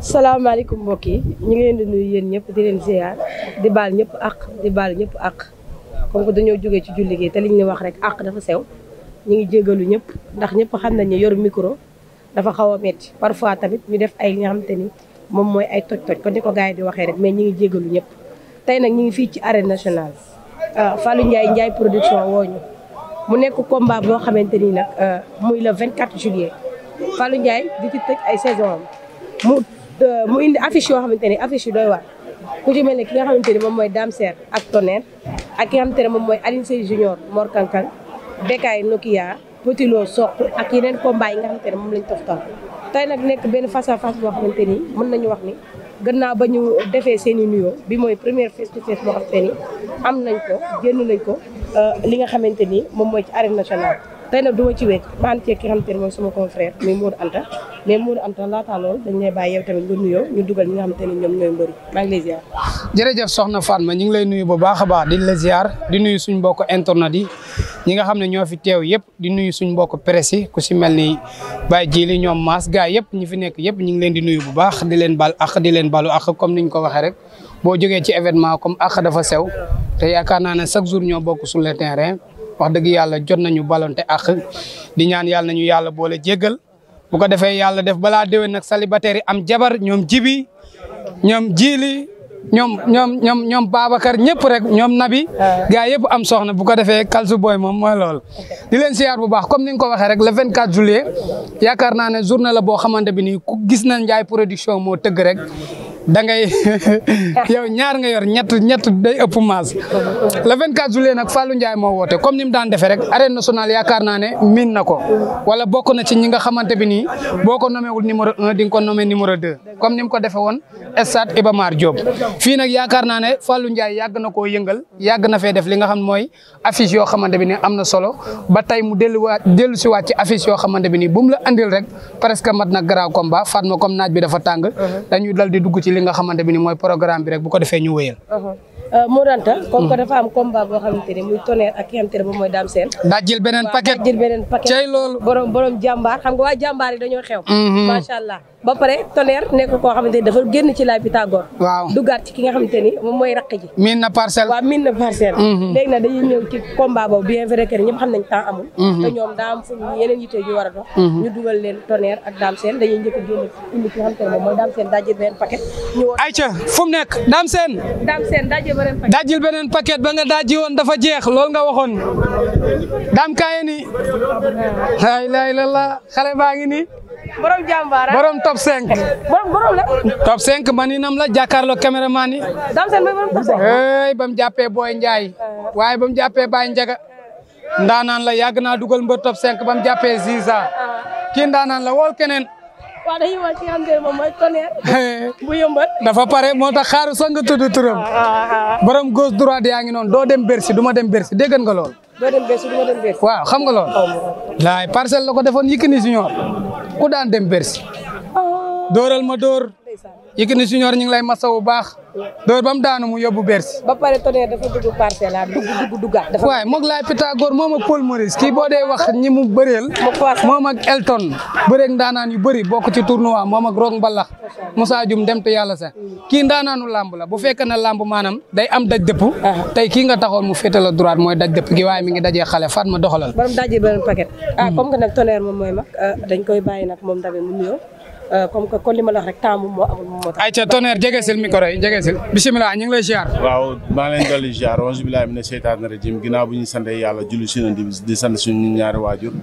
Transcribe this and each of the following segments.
salaamaaleykum mbokk yi ñu ngi leen di nuyu yéen ñëpp di leen ziar di baal ñëpp àq di baal ñëpp ak comme que dañoo jógee ci julli gi te liñ wax rek àq dafa sew ñu ngi jégalu ñëpp ndax ñëpp xam nañ ne yor micro dafa xaw a métti parfois tamit ñu def ay nga xamante ni moom mooy ay toj-toj kon ni ko gars yi di waxee rek ñu ngi jégalu ñëpp. tey nag ñu ngi fii ci arène nationale euh, Fallou Ndiaye njaay production woo ñu mu nekk combat boo xamante ni nag euh, muy le 24 juillet Fallou Ndiaye di ci tëj ay saison am mu euh, mu indi affiche yoo xamante ni affiche dooy doy ku ci mel ni ki nga xamante ni moom mooy Dame ak Tonnerre ak ki nga xamante ne moom mooy Alioune Sèye Junior Mor Kankan Bekay Nokia Petit Lo Sokh ak yeneen combat yi nga xamante ne moom lañ toftal tey nag nekk benn face à face boo ni mën nañu wax ni gannaaw ba ñu defee seen i nuyoo bi mooy première face to face boo xamante ni am nañ ko génn nañ ko euh, li nga xamante ni moom mooy ci arène national tey nag du ma ci wéet ma ànd ceeg ki xamante ni mooy suma confrère muy Mour Anta mais Modou Anta laata loolu dañ lay bàyyi yow tamit nga ñu ngi lay soxna Fatma ñu ngi lay nuyu bu baax a baax di la ziar di nuyu suñ mbokk internet di ñi nga xam ne ñoo fi teew yëpp di nuyu suñ mbokk presse yi ku si mel ni Baye Jili ñoom Maas gaa yëpp ñi fi nekk yëpp ñu ngi leen di nuyu bu baax di leen bal ak di leen balu ak comme niñ ko waxee rek boo jógee ci événement comme ak dafa sew te yaakaar naa ne chaque jour ñoo bokk sur le terrain wax dëgg yàlla jot nañu balonte ak di ñaan yàlla nañu yàlla boole jéggal bu ko defee yàlla def balaa déwén nag célibataire yi am jabar ñoom jibi ñoom jiili ñoom ñoom ñoom ñoom Babacar ñëpp rek ñoom nabi gaa yëpp am soxna bu ko defee Kalsu Boy moom mooy loolu di leen siyaar bu baax comme ni nga ko waxee rek le 24 juillet yaakaar naa ne journée la boo xamante bi ni ku gis na Ndiaye production moo tëgg rek da ngay ñaar nga yor ñett ñett day ëpp maas le 24 juillet nag Fallou njaay moo woote comme ni mu daan defee rek arène nationale yaakaar naa ne miin na ko wala bokk na ci ñi nga xamante bi nii boo ko nommewul numéro un di nga ko nommé numéro deux comme ni mu ko defee woon stade Iba Mar fii nag yaakaar naa ne Fallou Ndiaye yàgg na koo yëngal yàgg na fee def li nga xam mooy affiche yoo xamante bi ni am na solo ba tey mu delluwaat dellu siwaat ci affiche yoo xamante bi nii bu la andil rek presque mat na grand combat Fatma comme naaj bi dafa tàng li nga xamante bi ni mooy programme bi rek bu ko defee ñu wëyal uh-huh. uh, Mouranta comme que dafa am combat boo xamante ne muy tonnerre ak ki nga xamante ne moom mooy Dame Sène daa jël beneen paquet daa jël beneen paquet cey loolu borom borom xam nga waa jàmbaar dañoo xew mm-hmm. macha allah ba pare Tonnerre nekk koo xamante ni dafa génn ci la Pythagore. waaw duggaat ci ki nga xamante ni moom mooy raq ji. miin na parcelle miin na parcelle. Mhm. léegi nag dañuy ñëw ci combat boobu bien vrai que ñëpp mhm. te ñoom daa am fu yeneen yitte yu war a dox. Mhm. ñu dugal leen Tonnerre ak Dame Sène dañuy a génn indi ki nga xamante ne moom mooy Dame Sène beneen paquet. ñu woon ba nga daa ji woon dafa jeex loolu nga waxoon Dame Kaye ni. waaw la ilaha illallah xale baa ngi nii borom jàmbaar ah. borom top cinq borom borom la. top 5 maninam la jàkkaarloo caméraman yi. Dame Sène mooy borom top jàppee Boy Ndiaye. waaye ba mu jàppee Baye Ndiaga. ndaanaan la yàgg naa dugal mbër top 5 ba mu jàppee Ziza. Ah. kii ndaanaan la wool keneen. waaw dañuy wax ci xam ne dafa pare moo tax xaaru sax nga tudd turam. Ah, borom gauche droite yaa ngi noonu doo dem Bercy duma ma dem Bercy dégg nga lool. doo dem Bercy waaw xam nga lool. laay parcelle la ko defoon Yékini Junior ku daan dem Bercy ah. dóoral ma dóor Yékini Junior ñu ngi lay masa bu baax door ba mu daanu mu yóbbu Bercy. ba pare tonnerre dafa dugg parcelle ah dugg dugg duggaat. dafa waay moog laay Pythagore moom ak Paul Maurice kii boo dee wax ñi mu bëreel. moom ak Elton bëreeg ndaanaan yu bëri bokk ci tournoi moom ak Rock Mbalax Moussa Dioum dem te yàlla sax mm. kii ndaanaanu làmb la bu fekkee ne lamb maanaam day am daj dëpp. Ah. tey kii nga taxoon mu féete la droite mooy daj dëpp gi waaye mi ngi dajee xale faat ma doxalal. borom dajee benn paquet. ah mm. mooy mag ah, dañ koy bàyyi nag moom tamit Euh, comme que kon li ma la wax rek temps moom moo amul moom moo tax. ayca tonnerre jege sil micro yi jege sil bisimilah ñu ngi lay ziar. waaw maa ngi leen di dolli ziar auzu billaahi mina seytaani rajiim ginnaaw bu ñu sant yàlla julli si nañ di sant suñu ñaari waajur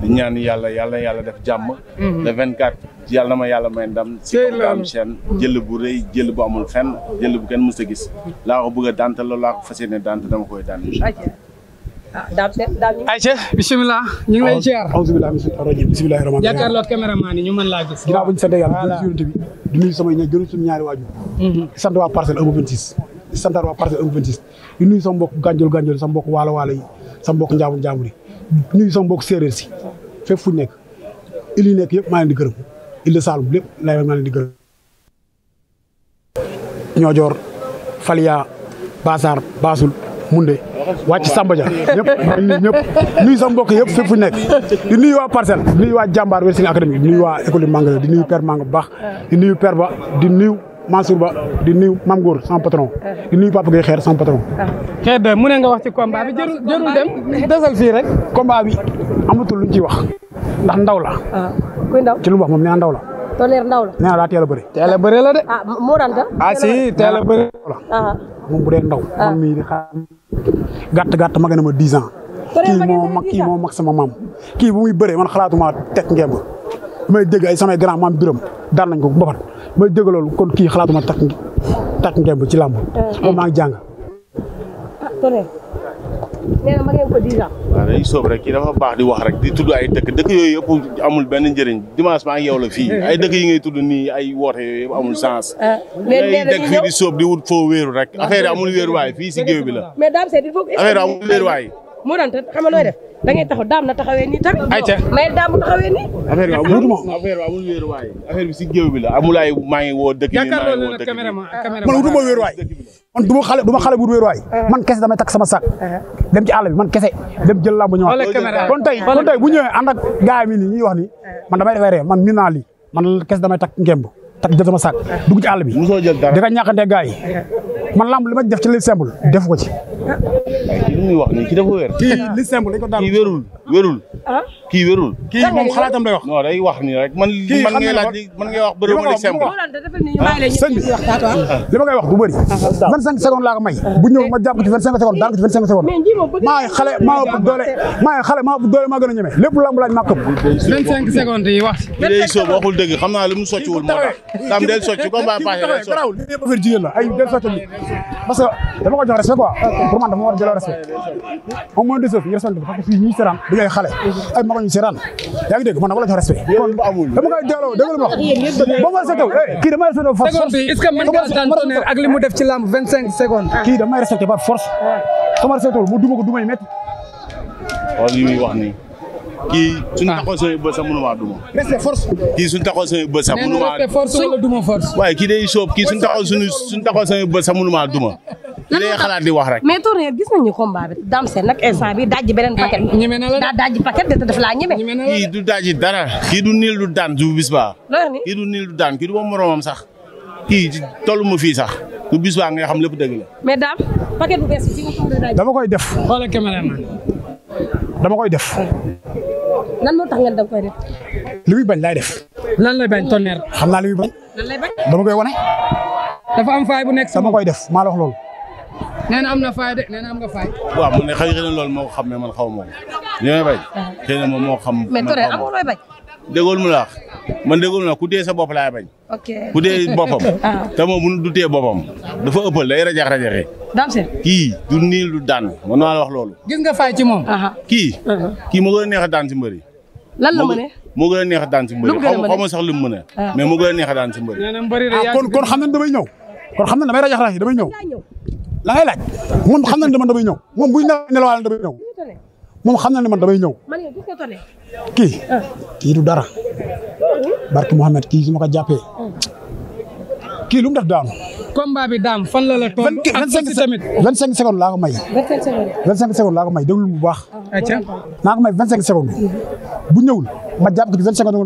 di ñaan yàlla yàlla yàlla def jàmm. Mhm. le 24 yàlla ma yàlla may ndam. si am seen jël bu rëy jël bu amul fenn jël bu kenn mu a gis. laa ko bëgg a dàntal loolu laa ko fas yéene dànt dama koy dànt. Ah, daal ayca bisimilah. ñu ngi lay ziar alhamdulilah bisimilah rahmaani rahiim. jàkkaarloo caméraman yi ñu mën laa gis. ginnaaw bu ñu sant yàlla di nuyu bi di nuyu samay ña gënu suñu ñaari waajur. Mhm. di sant waa parcelle 1 26. di sant waa parcelle 1 26 di nuyu sama mbokk gànjol gànjol sama mbokk waalo waalo yi sama mbokk njaamur njaamur yi di nuyu sama mbokk séeréer si fépp fu ñu nekk. il yi nekk yëpp maa leen di gërëm il de Saloum lépp lay maa leen di gërëm. Ñoojoor Falia Basar Basul Munde. wàcc Samba Dia ñëpp ñëpp nuyu sama mbokk yëpp nekk di nuyu waa parcelle di nuyu waa jàmbaar Wrestling Academy di nuyu waa école Manga di nuyu père Manga bu baax di nuyu père ba di nuyu Mansour Ba di nuyu Mame Gour sama patron di nuyu Papa Gueye Xeer patron xeer de mu ne nga wax ci combat bi jërul jërul dem desal bi amatul luñ ciy wax ndax ndaw la ah, kuy ci lu wax moom la ndaw na daa teel a bëri teel a la de ah moo daan ah si teel a ah. ndaw ah. man mii di xaar gàtt gàtt mag na ma dix ans. kii moo mag kii moo mag sama maam. kii bu muy bëree man xalaatuma teg ngemb may dégg ay samay grand maam biram daan nañ ko mbapat may dégg loolu kon kii ma xalaatuma teg teg ngemb ci làmb. Eh, eh. maa ngi jàng. Ah, nee na soob rek kii dafa baax di wax rek di tudd ay dëkk dëkk yooyu yëpp amul benn njëriñ dimanche maa ngi yow la fii ay dëkk yi ngay tudd nii ay woote yooyu yëpp amul sens. Ah, mais nee na di sóob di wut foo wéeru rek affaire amul wéeruwaay fii si géew bi la. mais daam seet moo daan xam nga looy def da ngay taxaw daam na taxawee nii tak ayca mais daam bu bi si géew bi la amulaay maa ngi ngi woo dëkk bi ah, ah. man wutuma wéeruwaay man du ma xale bu wut wéeruwaay ah. man kese damay takk sama sac dem ci àll bi man kese dem jël làmb ñëwaat kon tey kon tey bu ñëwee ànd ak gaay mi nii ñuy ni man damay defee man mi naa man kese damay takk ngemb takk jël sama sac dug ci àll bi di ko ñàkkante gaay man lamb li ma def ci li simple def ko ci. kii wax nii kii dafa wér. kii li simple dañ ko daan kii wérul. ah kii wérul. kii moom xalaatam lay wax. non day wax nii rek man. kii man ngay laaj man ngay wax bëri ma lay simple. Ah, sëñ bi ah, li ma koy wax du bëri. vingt ah, cinq secondes laa bu ñëw ma jàpp ko ci vingt cinq secondes daan ko ci vingt doole maa ngi xale maa doole maa gën a ñeme lépp lu am laaj maa këpp. vingt cinq secondes li lay sóob waxul dëgg xam naa li mu socciwul moo daam del socci comme baa paase del socci. li del socci ko jox respect quoi a jëloo respect au moins de sëf yi duñu ay xale ay mag ñu seetaan yaa ngi dégg man dama la jox respect kon dama koy ba ma eh, kii damay respecté par force ah. force kii suñu taxoon sama bët force. kii suñu taxoon sama bët force kii day soob kii suñu taxoon maa duma. lan moo xalaat di wax rek. mais tournée gis nañu combat bi Dame Sène nag instant bi dajji beneen eh, paquet. ñeme na la daa dajji paquet de daf laa ñeme. ñeme na la kii du dajji dara. kii du niil du daan du baa. kii du niil du daan kii du ma moromam sax. kii tollu ma fii sax. du bis baa nga xam lépp dëgg la. mais dama koy def. xoolal cameraman dama koy def. lan moo tax ngeen da koy def. li muy bañ laay def. dama koy wane. bu nekk sama. koy def maa la wax nee am na faay de nee am nga faay. waaw man de xëy na loolu moo xam ne man xaw ma ko. li may bañ. moo xam. man mais tonnerre amuloo bañ. déggoo mu la man déggoo mu la ku dee sa bopp laay bañ. ok ku dee boppam. Ah. te moom bu du dutee boppam. dafa ëppal day rajax rajaxee. daam seen kii du niil du daan man la wax loolu. gis nga faay ci moom. kii. kii moo gën neex a daan yi. lan la mën moo gën a a daan ci mbër yi xaw ma xaw ma sax lu mu ah. mën a. a neex a daan ci mbër yi. Ah, kon kon xam nañ damay ñëw kon xam nañ damay rajax rajax dama ñëw la ngay laaj moom xam na ne man damay ñëw moom buy nelawaale damay ñëw moom xam na ne man damay ñëw kii ah. kii du dara barki Mouhamed kii su ma ko jàppee hmm. kii lu mu def daanu combat bi daam fan la la toll. ak aussi tamit vingt cinq secondes laa may. vingt cinq secondes vingt may déglu bu baax. ayca ah, naa ko may vingt cinq secondes. bu ñëwul ma jàpp ko ci vingt cinq secondes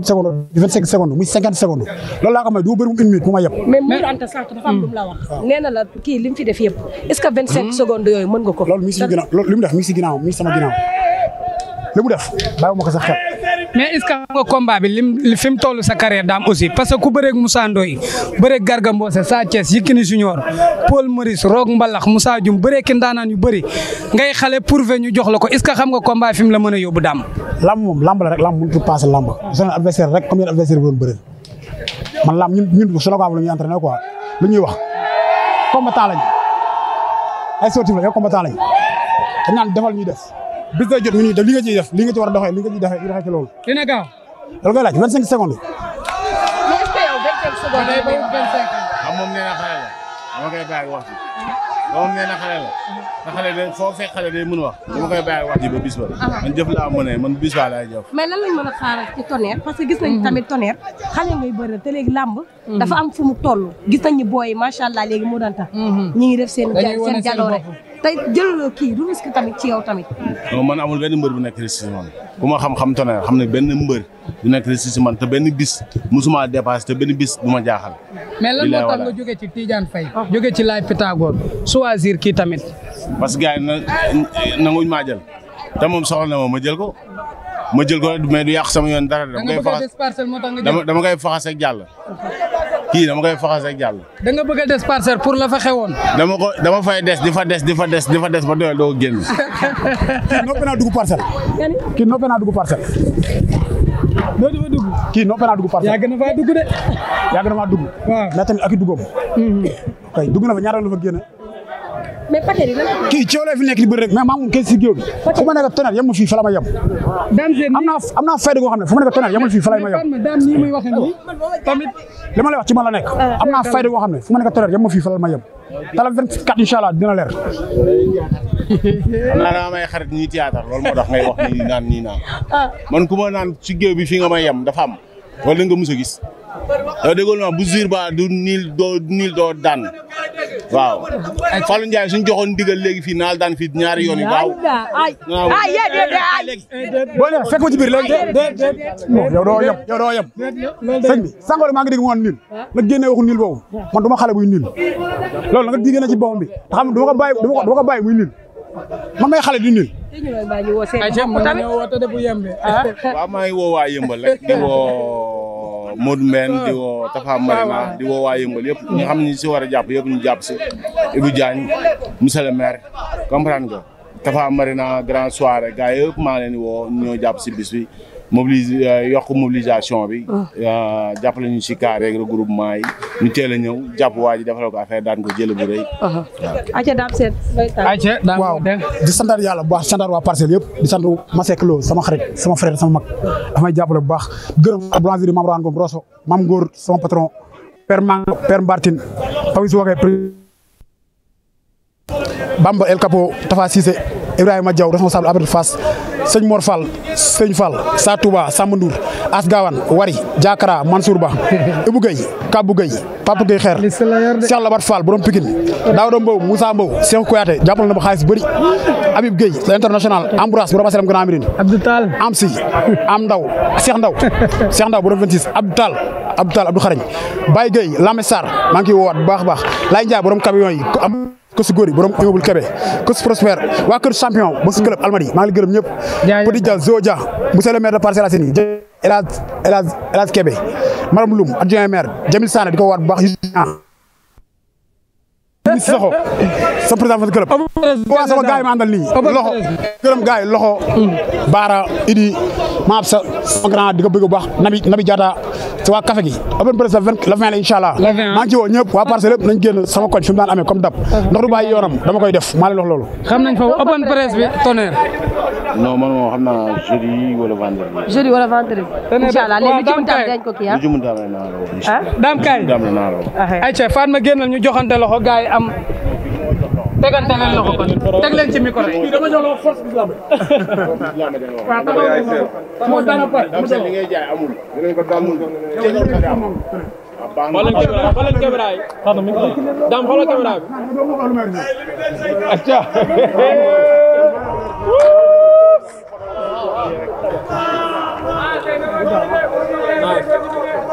vingt cinq secondes muy cinquante secondes loolu laa may du ma bëri une minute yeb. mais Mourou Anta Sarr dafa am lu la wax. Ah. nee la kii li fi def yëpp est-ce vingt cinq hmm? secondes yooyu mën nga ko. loolu mi ngi si ginnaaw loolu li mu def mi ngi si ginnaaw mi ngi eh. mu def bàyyi ma ko sa mais est-ce que xam nga combat bi lim fi mu toll sa daam aussi parce que ku bëreeg Moussa Ndoye bëreeg Garga Mbossé Sa Thiès Yékini Junior Paul Maurice Rock Mbalax Moussa Dioum bëree ki ndaanaan yu bëri ngay xale prouvé ñu jox la ko est que xam nga combat fi mu la mën a yóbbu daam. lamb moom lamb la rek lamb mënut a passé lamb seen adversaire rek comme yéen adversaire bi doon bëri man lamb ñu ñun solo ko am la ñuy entraîné quoi lu ñuy wax combattant lañu ay sportif la yow combattant lañu def. bis day jot nga nii da li nga ciy def li nga ci war a doxee li nga ciy doxee doxee ci loolu. dina gaaw. loolu nga laaj vingt cinq secondes. dama koy bàyyi wax ji moom nee na xale la te xale de foo fekk xale day mën wax dama koy bàyyi wax ji ba bis ba man jëf laa mënee man bis ba laay jëf mais lan lañ mën a xaaral ci tonnerre parce que gis nañ tamit tonnerre xale ngay bëri te léegi làmb dafa am fu mu toll gis nañ ni booy macha allah léegi moo daan tax mhm. ñi ngi def seen seen jaloore tey jëlal kii du risque tamit ci yow tamit. non man amul benn mbër bu nekk risque si man ku ma xam-xam ne xam ne benn mbër du nekk man te benn bis musuma dépassé te benn bis du ma jaaxal. mais lan moo tax nga jóge ci Tidiane Faye jóge ci Laye Pythagore choisir kii tamit. parce que na nanguñ maa jël te moom soxla na ma ma jël ko. ma jël ko mais du yàq sama yoon dara dama koy faxas dama jàll. kii dama koy faxas ak jàll. da a des parcelle pour la fa xewoon. dama fay des di fa des di fa des ba doyal doo génn. kii noppee naa dugg parcelle. kii noppee naa dugg parcelle. doo dafa dugg. kii noppee naa dugg parcelle. yàgg na faa dugg de. yàgg na maa dugg. waaw ndax tamit ak i duggoom. kay mhm. dugg na fa ñaata la fa génne. mais pater yi lan la. kii coow nekk di bëri rek mais maa si géew fu ma nekk tonnerre yemul fii fala ma yem. am am naa fayda goo xam ne fu ma nekk tonnerre yemul fii ma yem. tamit li ma lay wax ci ma nekk. Ah, am naa fayda goo xam ne fu ma nekk tonnerre yemul fii fala ma yem. tala 24 incha allah dina leer. xam naa dama may xarit ñuy théâtre loolu moo tax ngay wax nii naan nii naan. Ah. man ku ma naan ci géew bi fii nga may yem dafa am wala nga mus a gis yow euh, déggoo ma bu jur ba du niil doo niil doo daan waaw. Fallou Ndiaye suñu joxoon ndigal léegi fii naal daan fii ñaari yoon yi waaw. ah yéen fekk ma ci biir léegi déedéet. yow doo yem yow doo yem. sëñ bi sànqal maa ngi dégg mu naan niil. la génnee waxu niil boobu man du ma xale buy niil loolu nag diggee na ci boppam bi du ma ko bàyyi muy niil man may xale di niil. ayca ah. maa ngi woote de Modou Mbène di woo Tafa Marina ah, di woo waa Yëmbal yëpp ñi nga xam ne si war a jàpp yëpp ñu jàpp si Ibou Diagne monsieur le maire comprendre nga Tafa Marina grand soirée gars yëpp maa ngi leen di woo ñoo jàpp si bis bi mobilise euh, yokk mobilisation bi. Ah. Euh, jàpp lañu si car rek regroupement yi ñu teel ñëw jàpp waa ji defal ko affaire daan ko jël bu rëy. ayca ah. daam seet. ayca daam waaw di sant yàlla bu baax sant waa parcelle yëpp di ma Masek Lo sama xarit sama frère sama mag dafa may jàppale bu baax gërëm boulangerie Mame Rawaan Ngom Rosso Mame Ngor sama patron Père Mbartin Pawis Wagay Bamba El Capo Tafa Cissé Ibrahima Diaw responsable Abdou Fass sëñ Mor Fall sëñ Fall Sa Touba Samba Ndour As Gawane Wari Diakara Mansour Ba Ibou Gueye Kabou Gueye Papa Gueye Xeer Cheikh Labat Fall borom Pikine Daouda Mbow Moussa Mbow ba Kouyaté jàppal na ma xaalis bëri Habib Gueye international Ambroise borom Asalam Grand Mirine Abdou Tall Am Am Ndaw Cheikh Ndaw Cheikh Ndaw borom 26 Abdou Tall Abdou Tall Abdou Xarañ Baye Gueye ngi koy woowaat baax a baax Laye Ndiaye borom camion kër si góor yi borom immeuble Kébé kër waa kër champion ba club Almadi maa ngi gërëm ñëpp. Petit Dia Zo Dia monsieur le maire de Parcelles Assainies El Hadj El Hadj El Hadj Kébé Jamil Sané di ko waat baax ñi si saxo sa président fan club waaw sama gars yi ma àndal nii loxo loxo baara idi maa sa sama grand di ko bëgg bu baax Nabi Nabi Diatta si waa café gi open presse le vingt la incha maa ngi woo ñëpp waa parcelle nañ génn sama koñ fi daan amee comme dab ah. ndax du bàyyi yoonam dama koy def maa leen wax loolu xam nañ foofu open presse bi tonnerre non man moom xam naa jeudi wala vendredi jeudi wala vendredi incha allah léegi ah. lu ci mënta ah, eh. ñu joxante loxo gaay am tegante leen loxo kon teg leen ci micro yi. dama jox la force bi lamb. waaw taxaw na ma moo daan a pare. li ngay jaay amul. dinañ ko daamul. xoolal caméra xoolal caméra yi. daam xoolal caméra bi. acca. Nice.